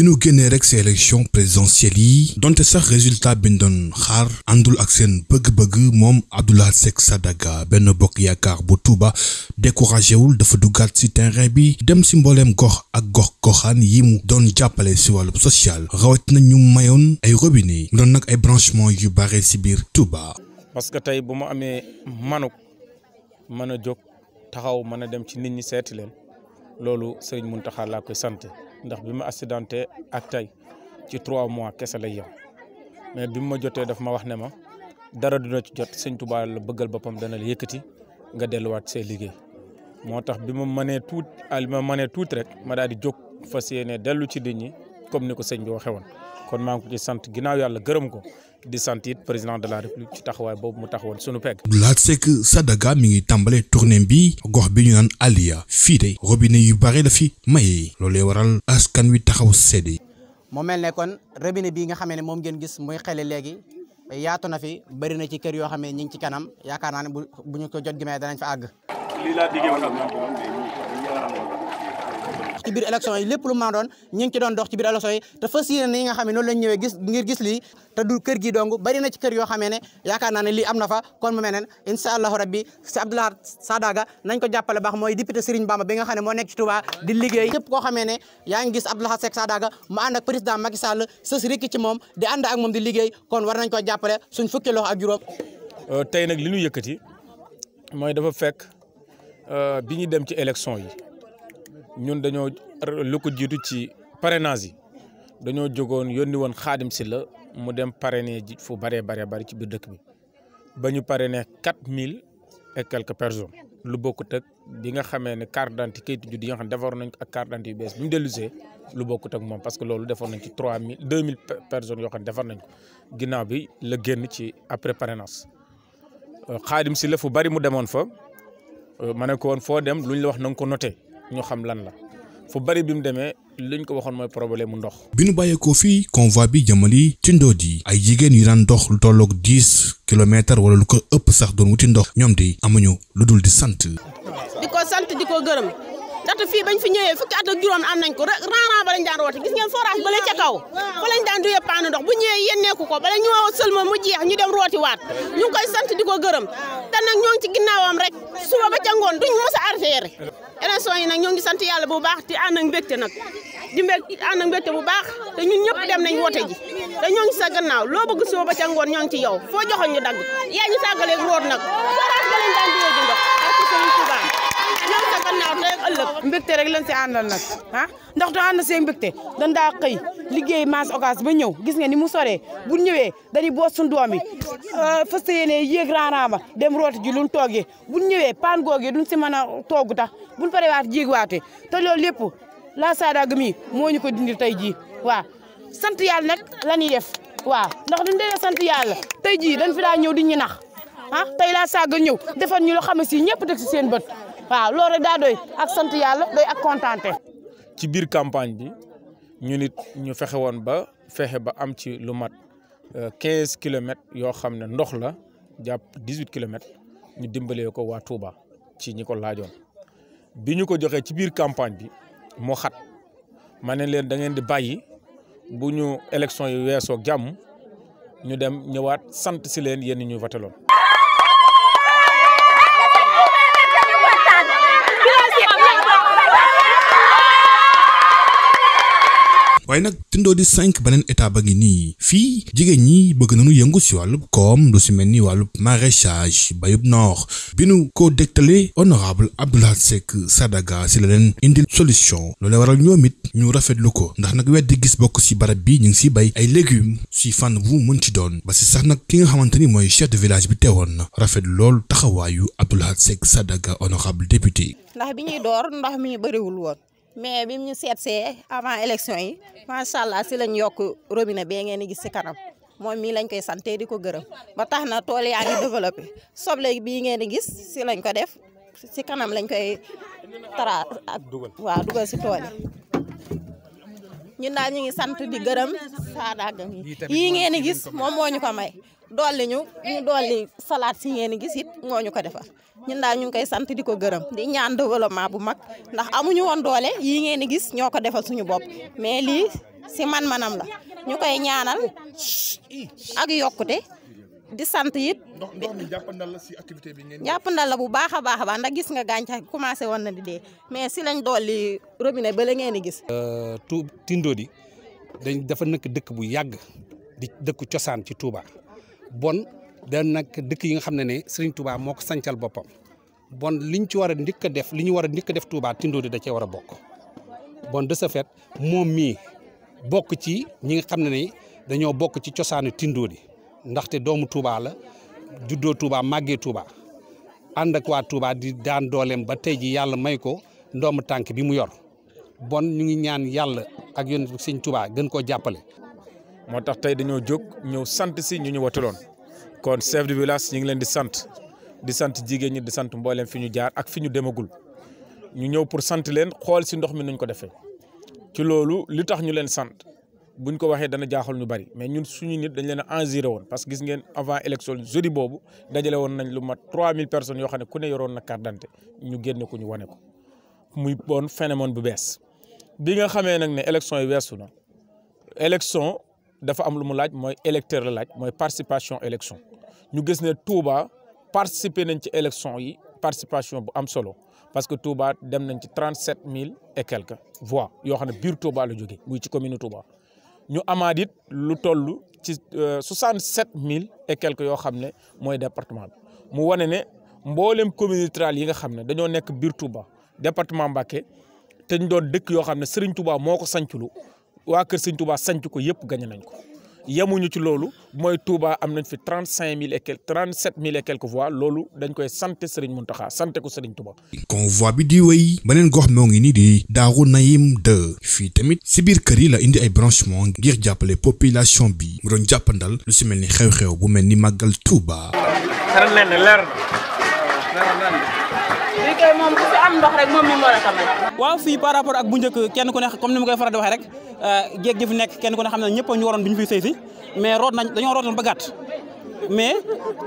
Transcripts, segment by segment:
bi nu génnee rek si élection présidentielle yi donte sax résultat bi ñu doon xaar àndul ak seen bëgg-bëgg moom Abdou Lahad Seck benn bokk yaakaar bu Touba découragé wul dafa duggaat si terrain bi dem si mbooleem gox ak gox goxaan yi mu doon jàppale si wàllu social rawat na ñu mayoon ay robine mu doon nag ay branchement yu bare si biir Touba. parce que tey bu ma amee manuk mën a jóg taxaw mën a dem ci nit ñi seeti leen loolu Serigne Mountakha laa koy sant. ndax bi ma accidenté ak tey ci trois mois kese lay yem mais bi ma jotee dafa ma wax ne ma dara duna ci jot sëñ Tuubaa la bëggal boppam dana la yëkkati nga delluwaat see liggéey moo tax bi ma mënee tuut al ah, ma mënee tuut rek ma daal di jóg fas yéene dellu ci nit ñi comme ni ko sëñ bi waxee woon. kon maa ko ci sant ginnaaw yàlla gërëm ko di sant it président de la république ci taxawaay boobu mu taxawoon sunu pegg. Laat Seck Sadaga mi ngi tàmbale tournée bi gox bi ñu naan Aliya fii de robinet yu bare la fi maye loolee waral askan wi taxaw seede. mu mel ne kon robinet bii nga xamee ne moom ngeen gis muy xele léegi yaatu na fi bëri na ci kër yoo xam ne ñu ngi ci kanam yaakaar naa ne bu bu ñu ko jot gi may danañ fa àgg. ci biir élection yi lépp lu maa doon ñu ngi ci doon dox ci biir élection yi te fas yéene ni nga xam ne noonu ñëwee gis ngir gis lii te du kër gi dong bari na ci kër yoo xamee ne yaakaar naa ne lii am na fa kon mu mel ne incha allahu rabbi si Abdoulaye Sadaga nañ ko jàppale baax mooy député Serigne Bamba bi nga xam ne moo nekk ci Touba di liggéey képp koo xamee ne yaa ngi gis Abdoulaye Seck Sadaga mu ànd ak président Macky Sall sës rikki ci moom di ànd ak moom di liggéey kon war nañ ko jàppale suñ fukki loxo ak euh, tey nag li ñu yëkkati mooy dafa fekk euh, bi ñu dem ci élection yi ñun dañoo lu ko jiitu ci parrainage yi dañoo jógoon yónni woon xaadim si la mu dem parrainer ji fu bëree baree bëri ci biir dëkk bi ba ñu parrainer quatre mille et quelques personnes lu bokkut ak bi nga xamee ne carte d'identité kayitu juddu yi xam ne defaroon nañ ko ak carte d'identité yu bees bi ñu dellusee lu bokkut ak moom parce que loolu defoon nañ ci trois mille deux mille personnes yoo xam ne defar nañ ko ginnaaw bi la génn ci après parrainage xaadim euh, si la fu bëri mu demoon fa euh, ma ne ko foo dem luñ la wax na ko noté. ñu xam lan la fu bari bi mu demee liñ ko waxoon mooy problème mu ndox. bi nu bàyyeekoo fii convoi bi jëmali ci Ndodi ay jigéen yu daan dox lu tolloog dix kilomètres wala lu ko ëpp sax doon wuti ndox ñoom de amuñu lu dul di sant. di ko sant di ko gërëm. ndaxte fii bañ fi ñëwee fukki at ak juróom am nañ ko rarant ba lañ daan woote gis ngeen forage ba la ca kaw fa lañ daan duyee paanu ndox bu ñëwee yenneeku ko bala ñu sëlma mu jeex ñu dem rooti waat ñu ngi koy sant di ko gërëm te nag ñoo ngi ci ginnaawam rek suba ba ca ngoon duñ mos a arrêté élection yi nag ñoo ngi sant yàlla bu baax di ànd ak mbégte nag di mbég ànd ak mbégte bu baax te ñun ñëpp dem nañ woote ji te ñoo ngi sa gannaaw loo bëgg suba ba ca ngoon ñoo ngi ci yow foo joxoon ñu dagg yaa ñu sàggaleeg root nag forage ba lañ daan duyee ji ndox gannaaw tey ak ëllëg mbégte rek lañ si àndal nag ah ndax du ànd see mbégte dañ daa xëy liggéey maas occas ba ñëw gis nga ni mu soree bu ñëwee dañuy boot suñu doom yi euh, fas yéene yéeg raanaama dem rooti ji luñ tooge bu ñëwee paan googee duñ si man a toogu tax buñ paree waat jéeg waate te loolu lépp laa saadaag mi moo ñu ko dindi tey jii waaw sant yàlla nag la ñuy def waaw ndax duñ dee sant yàlla tey jii dañ fi daa ñëw di ñu nax ah tey laa saagal ñëw defar ñu loo si ñëpp teg si seen bët waaw loolu rek daa doy ak sant yàlla doy ak kontaante. ci biir campagne bi ñu nit ñu fexe woon ba fexe ba am ci lu mat euh, quinze kilomètres yoo xam ne ndox la jàpp dix huit kilomètres ñu dimbalee ko waa tuuba ci ñi ko laajoon bi ñu ko joxee ci biir campagne bi moo xat ma ne leen da ngeen di bàyyi bu ñu élection yi weesoo jàmm ñu dem ñëwaat sant si leen yéen ñu voteloon waaye nag Tindodi 5 beneen état ba ngi nii fii jigéen ñi bëgg nañu yëngu si wàllu koom lu si mel ni wàllub maraîchage bayub noor bi nu ko dégtale honorable Abdoulaye Seck Sadaga si la leen indil solution loolu waral ñoom it ñu rafetlu ko ndax nag weddi gis bokk si barab bi ñu ngi si bay ay légumes si fànn bu mën ci doon ba si sax nag ki nga xamante ni mooy chef de village bi teewoon na rafetlu lool taxawaayu Abdoulaye Seck Sadaga honorable député. ndax mais bi ñu seet see avant élection yi macha allah si lañ yokk robinet bee ngeen di gis si kanam moom mii lañ koy sante di ko gërëm ba tax na tool yaa ngi développé soble bii ngeen di gis si lañ ko def si kanam lañ koy tara ak waaw dugal si tool yi ñun daal ñu ngi sant di gërëm Sadaga yi ngeen di gis moom moo ñu ko may dolli ñu ñu dolli salaat si ngeen gis it moo ñu ko defar ñun daal ñu ngi koy sant di ko gërëm di ñaan développement bu mag ndax amuñu woon doole yii ngeen di gis ñoo ko defal suñu bopp mais lii si man-manam la ñu koy ñaanal ak yokkute di sant yit ndox ndox mi la si activité bi ngeen. jàppandal la bu baax a baax a baax ndax gis nga gàncax commencé woon na di dee mais si lañ dool robinet ba la ngeen euh, di gis. tu Tindodi dañ dafa nëkk dëkk bu yàgg di dëkku cosaan ci Touba. bon da nag dëkk yi nga xam ne ne Serigne Touba moo ko sancal boppam bon liñ ci war a ndikk a def li ñu war a ndikk def Touba Tindodi da cee war a bokk bon de ce moom mii bokk ci ñi nga xam ne ne dañoo bokk ci cosaanu Tindodi ndaxte doomu tuubaa la juddoo Touba màggee Touba ànd ak waa Touba di daan dooleem ba tey ji yàlla may ko ndoomu tànk bi mu yor bon ñu ngi ñaan yàlla ak yonent bi Sëñ Touba gën koo jàppale moo tax tey dañoo jóg ñëw sant si ñu ñu watuloon kon chef de village ñu ngi leen di sant di sant jigéen ñi di sant mbooleem fi ñu jaar ak fi ñu demagul ñu ñëw pour sant leen xool si ndox mi nuñ ko defee ci loolu li tax ñu leen sant buñ ko waxee dana jaaxal ñu bari mais ñun suñu nit dañ leen a engiré woon parce que gis ngeen avant élection jeudi boobu dajale woon nañ lu mat 3000 personnes yoo xam ne ku ne yoroon na carte d'identité ñu génne ko ñu wane ko muy bon phénomène bu bees bi nga xamee nag ne élection yi weesu na élection dafa am lu mu laaj mooy électeur la laaj mooy participation élection ñu gis ne Touba participer nañ ci élection yi participation bu am solo parce que Touba dem nañ ci trente sept mille et quelques voix yoo xam ne biir Touba la jóge muy ci commune Touba ñu amaat it lu toll ci euh, soixante sept mille et quelques yoo xam ne mooy département bi mu wane ne mboolem communes rurales yi nga xam ne dañoo nekk biir Touba département Mbacké te ñu doon dëkk yoo xam ne Serigne Touba moo ko sanculu waa Kër Sëñ Touba sanc ko yëpp gañe nañ ko yemuñu ci loolu mooy Touba am nañ fi trente cinq mille et quelques trente sept mille loolu dañ koy sant Serigne Mountakha sant ko Serigne Touba. convoi bi di wéy beneen gox moo ngi nii di Daaru Nayim 2 fii tamit si biir kër yi la indi ay branchement ngir jàppale population bi mu doon jàppandal lu si mel ni xew-xew bu mel ni màggal Touba. lii fi fii par rapport ak bu njëkk kenn ku ne comme ni ma koy faral di waxee rek euh, géej gi fi nekk kenn ku ne xam ne ñëpp a ñu waroon bi ñu fiy sëy si mais root nañ dañoo mais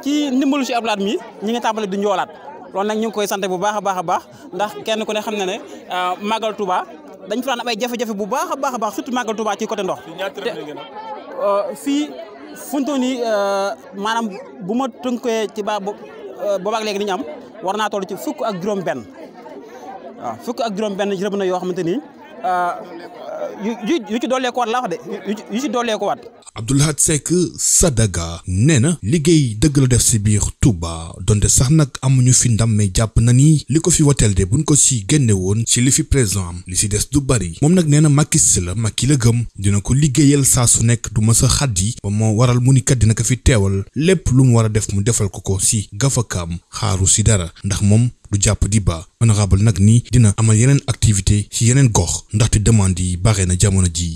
ci ndimbalu si ablaat mi ñi nga tàmbale di njoolaat loolu nag ñu ngi koy sant bu baax a baax a baax ndax kenn ku ne xam na ne euh, màggal Touba dañ fa daan am ay jafe-jafe bu baax a baax a baax surtout màggal Touba ci côté ndox. fii euh, fu ñu toll nii maanaam bu ma tënkee ci ba Euh, boobaag léegi li am war naa toll ci fukk ak juróom benn waaw fukk ak juróom benn rëbb na yoo xamante ni euh, yu yu ci doolee ko waat laa wax doolee ko waat Abdou Lahad Seck Sadaga nee na liggéey dëgg la def si biir Touba donte sax nag amuñu fi ndam mais jàpp na ni li ko fi woteel de buñ ko si génne woon si li fi président am li si des du bari moom nag nee na Macky Sall la Macky la gëm dina ko liggéeyal saa su nekk du sa a xaddi ba moo waral mu ni kat dina ko fi teewal lépp lu mu war a def mu defal ko ko si gafakaam xaaru si dara ndax moom lu jàpp di ba honorable nag ni dina amal yeneen activité ci yeneen gox ndaxte demande yi baaxe na jamono ji